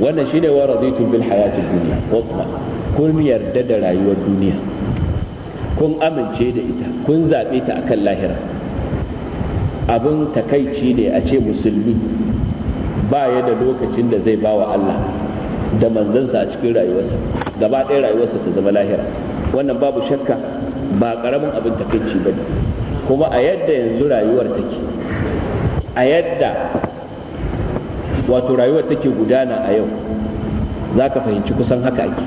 wannan shine wa raditu bil hayati duniya kuma kun yarda da rayuwar duniya kun amince da ita kun zaɓe ta akan lahira abin takaici ne a ce musulmi ba ya da lokacin da zai bawa Allah da manzansa a cikin rayuwarsa gaba ɗaya rayuwarsa ta zama lahira wannan babu shakka ba ƙaramin abin takaici ba kuma a yadda yanzu rayuwar take a yadda wato rayuwar take gudana a yau za ka fahimci kusan haka ake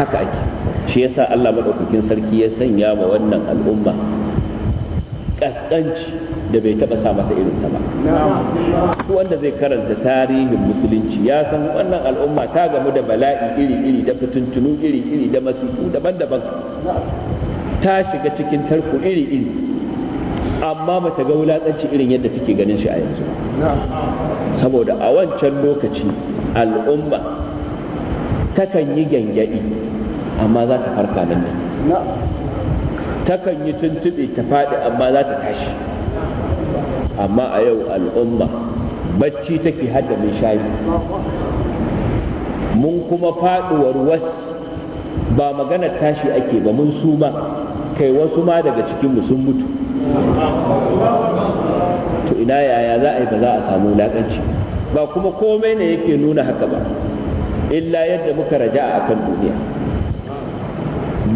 haka ake shi yasa Allah madaukakin sarki ya sanya wa wannan al'umma ƙasƙanci da bai taba sa mata irin sa ba wanda zai karanta tarihin musulunci ya san wannan al'umma ta gamu da bala'i iri-iri da fitintunu iri-iri da masiku daban-daban ta shiga cikin tarko iri-iri amma bata ga wulatsanci irin yadda take ganin shi a yanzu saboda a wancan lokaci al'umma takan yi gyangyaɗi amma za ta farka nan ne takan yi tuntuɓe ta faɗi amma za ta tashi amma a yau al'umma bacci take hada mai shayi mun kuma faɗuwar wasu ba magana tashi ake ba mun su ba kai wasu ma daga cikinmu sun mutu to ina yaya za a yi ba za a samu wulaƙanci ba kuma komai ne yake nuna haka ba illa yadda muka raja a kan duniya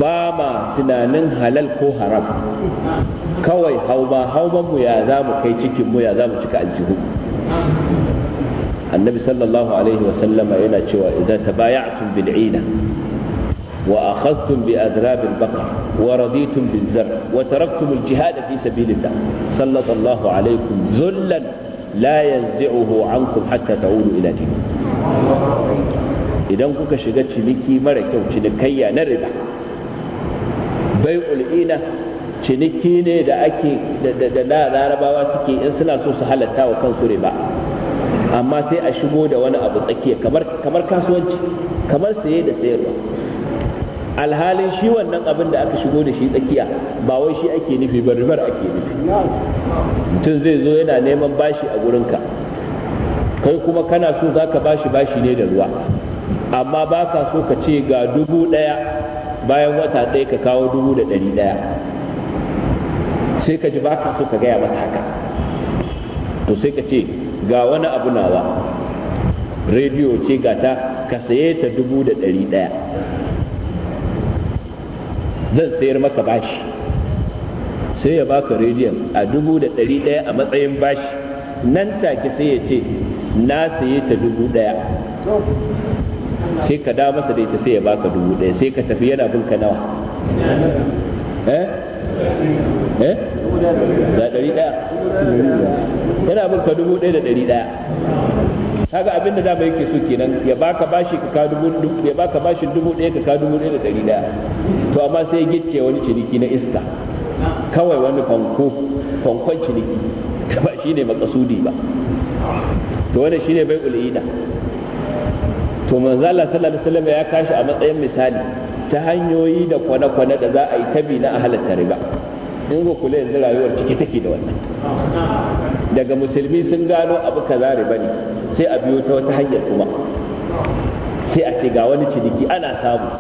ba ma tunanin halal ko haram kawai hauma haumanmu ya za mu kai cikin mu ya za mu cika aljihu annabi sallallahu alaihi wasallama yana cewa idan tabaya'tum bil'ina wa akhadhtum bi adrab al-baqar wa raditum bil zar wa taraktum al-jihad fi sabilillah sallallahu alaikum zullan la yanzi'uhu ankum hatta ta'udu ila din idan kuka shiga ciniki mara kyau cinikayya na riba bai'ul ina ciniki ne da ake da larabawa suke in suna so su halatta wa kansu ba. amma sai a shigo da wani abu tsakiya kamar kasuwanci kamar saye da sayarwa alhalin shi wannan abin da aka shigo da shi tsakiya ba wai shi ake nufi ba ribar ake nufi mutum zai zo yana neman bashi a ka. kai kuma kana so za bashi bashi ne da ruwa amma baka so ka ce ga dubu ɗaya bayan wata ɗaya ka kawo dubu da ɗari ɗaya sai ka ji baka so ka gaya masa haka to sai ka ce ga wani abu nawa rediyo ce ga ta ka saye ta dubu da ɗari ɗaya zan sayar maka bashi sai ya baka rediyon a dubu da ɗari ɗaya a matsayin bashi nan take sai ya ce na saye ta dubu ɗaya sai ka da masa da ita sai ya baka dubu ɗaya sai ka tafi yana bin ka nawa eh eh da ɗari ɗaya yana bin ka dubu ɗaya da ɗari ɗaya kaga abin da dama yake so kenan ya baka bashi ka ka dubu ya baka bashi dubu ɗaya ka ka dubu ɗaya da ɗari ɗaya to amma sai ya gicce wani ciniki na iska kawai wani fanko fankon ciniki [LAUGHS] ba shine makasudi ba to wannan shine bai ulida to manzo Allah sallallahu alaihi wasallam ya kashi a matsayin misali ta hanyoyi da kwane-kwane da za a yi tabi na halatta tariba in ga kula yanzu rayuwar ciki take da wannan daga musulmi sun gano abu kaza riba ne sai a biyo ta wata hanyar kuma sai a ce ga wani ciniki ana samu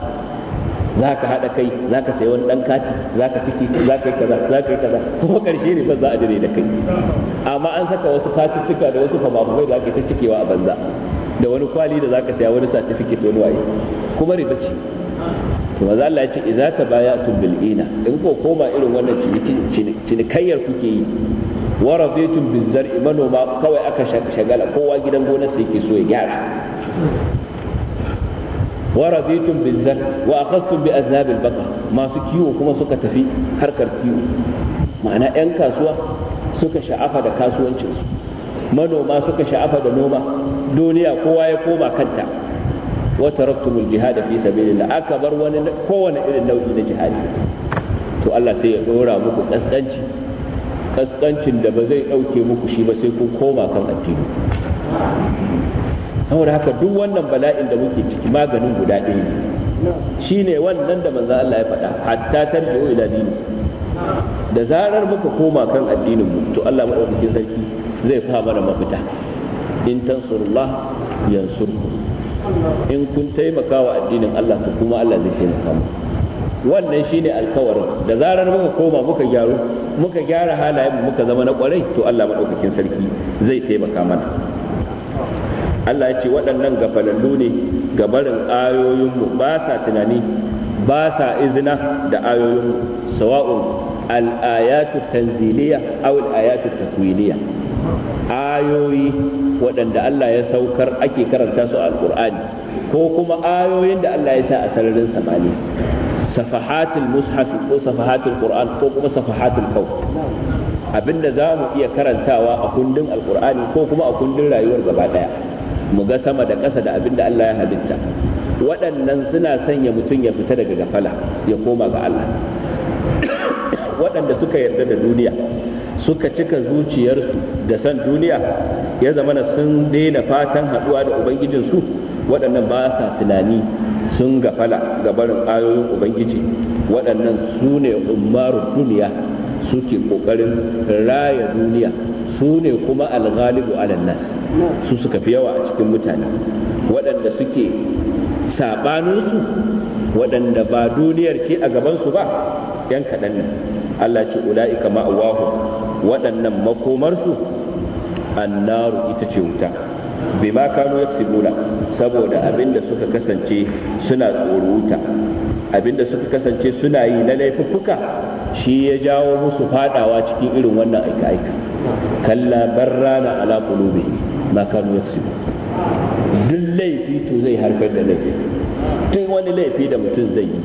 za ka haɗa kai za ka sayi wani ɗan kati za ka ciki yi kaza zaka yi kaza kuma ƙarshe ne za a jire da kai amma an saka wasu katuttuka da wasu fama-fama da ake ta cikewa a banza da wani kwali da zaka saya wani certificate wani waye kuma riba ce to maza Allah ya ce idza tabayatum bil ina in ko koma irin wannan cinikayyar kuke yi wa raditum biz zar'i manoma kawai aka shagala kowa gidan sai yake so ya gyara wa raditum biz zar'i wa akhadtum bi al baqar masu kiwo kuma suka tafi harkar kiwo ma'ana 'yan kasuwa suka sha'afa da kasuwancinsu manoma suka sha'afa da noma duniya kowa ya koma kanta wa taraktumul jihad fi sabilillah aka bar wani kowane irin nau'i na jihadi to Allah sai ya dora muku kaskanci kaskancin da ba zai dauke muku shi ba sai kun koma kan addini saboda haka duk wannan bala'in da muke ciki maganin guda ɗaya ne shine wannan da manzo Allah ya faɗa hatta tarji'u ila dini da zarar muka koma kan addinin mu to Allah madaukakin sarki zai fa mana mafita in tansurullah yansurkum in kun taimaka wa addinin Allah to kuma Allah zai taimaka mu wannan shine alkawarin da zarar muka koma muka gyaru muka gyara halayen muka zama na kwarai to Allah madaukakin sarki zai taimaka mana Allah ya ce waɗannan gafalallu ne ga barin ayoyinmu ba sa tunani ba sa izina da ayoyinmu sawa'un al-ayatu tanziliya aw al-ayatu takwiliya ayoyi waɗanda Allah ya saukar ake karanta su a ko kuma ayoyin da Allah ya sa a sararin samani safahatul mushaf ko safahatul qur'an ko kuma safahatul kaw abinda za mu iya karantawa a kundin alkur'ani ko kuma a kundin rayuwar gaba daya mu ga sama da ƙasa da abinda Allah ya halitta waɗannan suna sanya mutum ya fita daga gafala ya koma ga Allah [COUGHS] waɗanda suka yarda da duniya suka cika zuciyarsu da san duniya ya zama na sun daina fatan haɗuwa da ubangijinsu waɗannan ba sa tunani sun gafala gabar ayoyin ubangiji waɗannan su ne umarun duniya suke ƙoƙarin raya duniya su ne kuma alghalibu nas su suka fi yawa a cikin mutane waɗanda suke saɓaninsu waɗanda ba duniyar ce a gabansu ba yan kaɗan nan Allah ce ula'ika ma'awahu waɗannan makomarsu annaru ita ce wuta bima kanu yaksibuna saboda abinda suka kasance suna tsoro wuta abinda suka kasance suna yi na laifuffuka shi ya jawo musu fadawa cikin irin wannan aika-aika kalla barrana ala qulubi ma ya yaksibun duk laifi to zai haifar da laifi tun wani laifi da mutum zai yi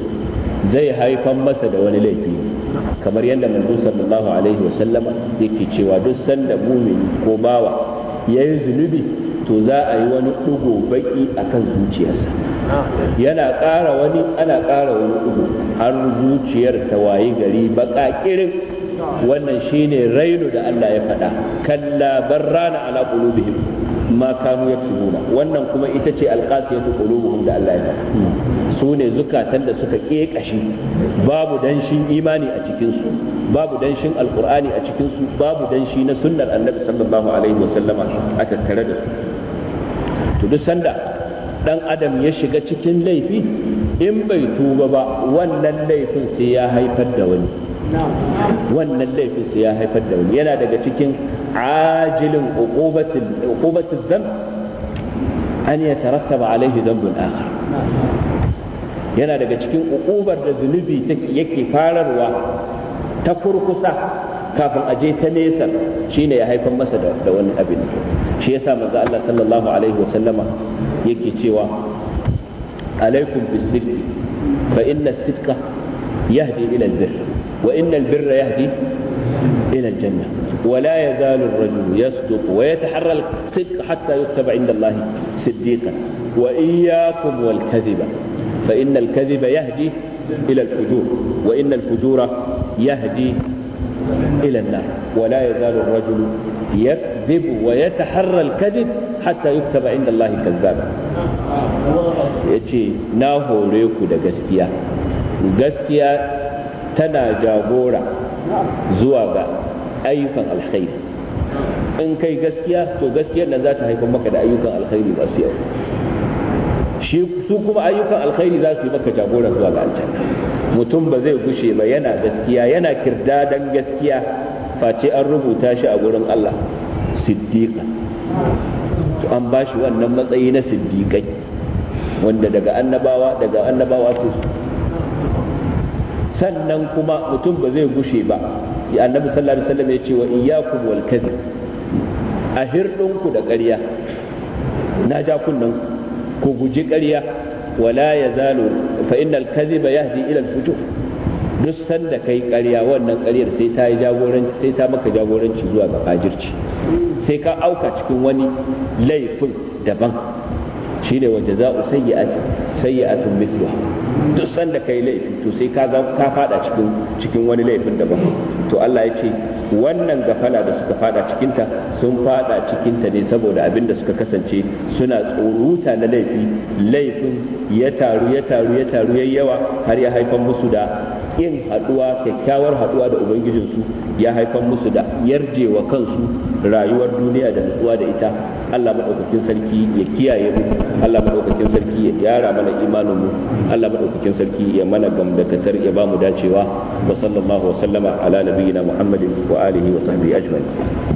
zai haifan masa da wani laifi kamar yadda manzo sallallahu alaihi wa sallama yake cewa duk sanda mumini ko bawa yayi zunubi to za a yi wani dugo baki akan zuciyarsa yana ƙara wani ana ƙara wani dugo har zuciyar ta wayi gari baka kirin wannan shine rainu da Allah ya faɗa kalla barrana ala qulubihim ma kanu yaksubuna wannan kuma ita ce alqasiyatu qulubuhum da Allah ya faɗa su ne zukatan da suka ƙeƙashi babu danshin imani a cikinsu babu danshin alkur'ani a cikinsu babu danshi na sunnar annabi sallallahu alaihi wasallama a tattare da su to duk sanda dan adam ya shiga cikin laifi in bai tuba ba wannan laifin sai ya haifar da wani wannan laifin sai ya haifar da wani yana daga cikin ajilin uqubatil dhanb an yatarattaba alaihi dhanbun akhar yana daga cikin ukubar da zunubi yake fararwa ta kurkusa kafin a je ta nesa shine ya haifar masa da wani abin shi yasa manzo Allah sallallahu alaihi wasallama yake cewa alaikum bis-sidqi fa inna as-sidqa yahdi ila al-birr wa inna al-birra yahdi ila al-janna ولا يزال الرجل يصدق ويتحرى الصدق حتى يكتب عند الله صديقا وإياكم والكذب fa innal kadhiba yahdi ila al-fujur wa innal fujura yahdi ila an يكذب ويتحرى الكذب حتى يكتب عند الله كذابا yace na hore ku da gaskiya gaskiya tana jagora zuwa ga ayyukan alkhairi in kai gaskiya to gaskiyar nan zata ta haifar maka da ayyukan alkhairi masu yawa shi su kuma ayyukan alkhairi za su yi maka jagora zuwa ga aljanna mutum ba zai gushe ba yana gaskiya yana kirdadan gaskiya face an rubuta shi a gurin Allah siddiqa to an ba shi wannan matsayi na siddiqai wanda daga annabawa daga annabawa su sannan kuma mutum ba zai gushe ba annabi sallallahu alaihi wasallam ya ce wa iyyakum wal kadhib a hirdinku da ƙarya na ja ku ku guji ƙarya wala ya zalo fa innal kadhiba yahdi ila al duk sanda kai ƙarya wannan ƙaryar sai ta yi jagoranci sai ta maka jagoranci zuwa ga fajirci sai ka auka cikin wani laifin daban shine wa jaza'u sayyi'atin sayyi'atun mithluha duk sanda kai laifi to sai ka ga ka fada cikin cikin wani laifin daban to Allah ya ce wannan gafala da suka fada cikinta sun fada cikinta ne saboda abin da suka kasance suna tsoruta na laifi laifin ya taru ya taru ya taru yayyawa yawa har ya haifar musu da yin haduwa kyakkyawar haduwa da ubangijinsu ya haifar musu da yarjewa kansu rayuwar duniya da nutsuwa da ita Allah madaukakin sarki ya kiyaye mu Allah madaukakin sarki ya gyara mana imanin mu Allah madaukakin sarki ya mana gamdakatar ya ba mu dacewa wa sallallahu wa sallama ala nabiyyina Muhammadin wa alihi wa sahbihi ajma'in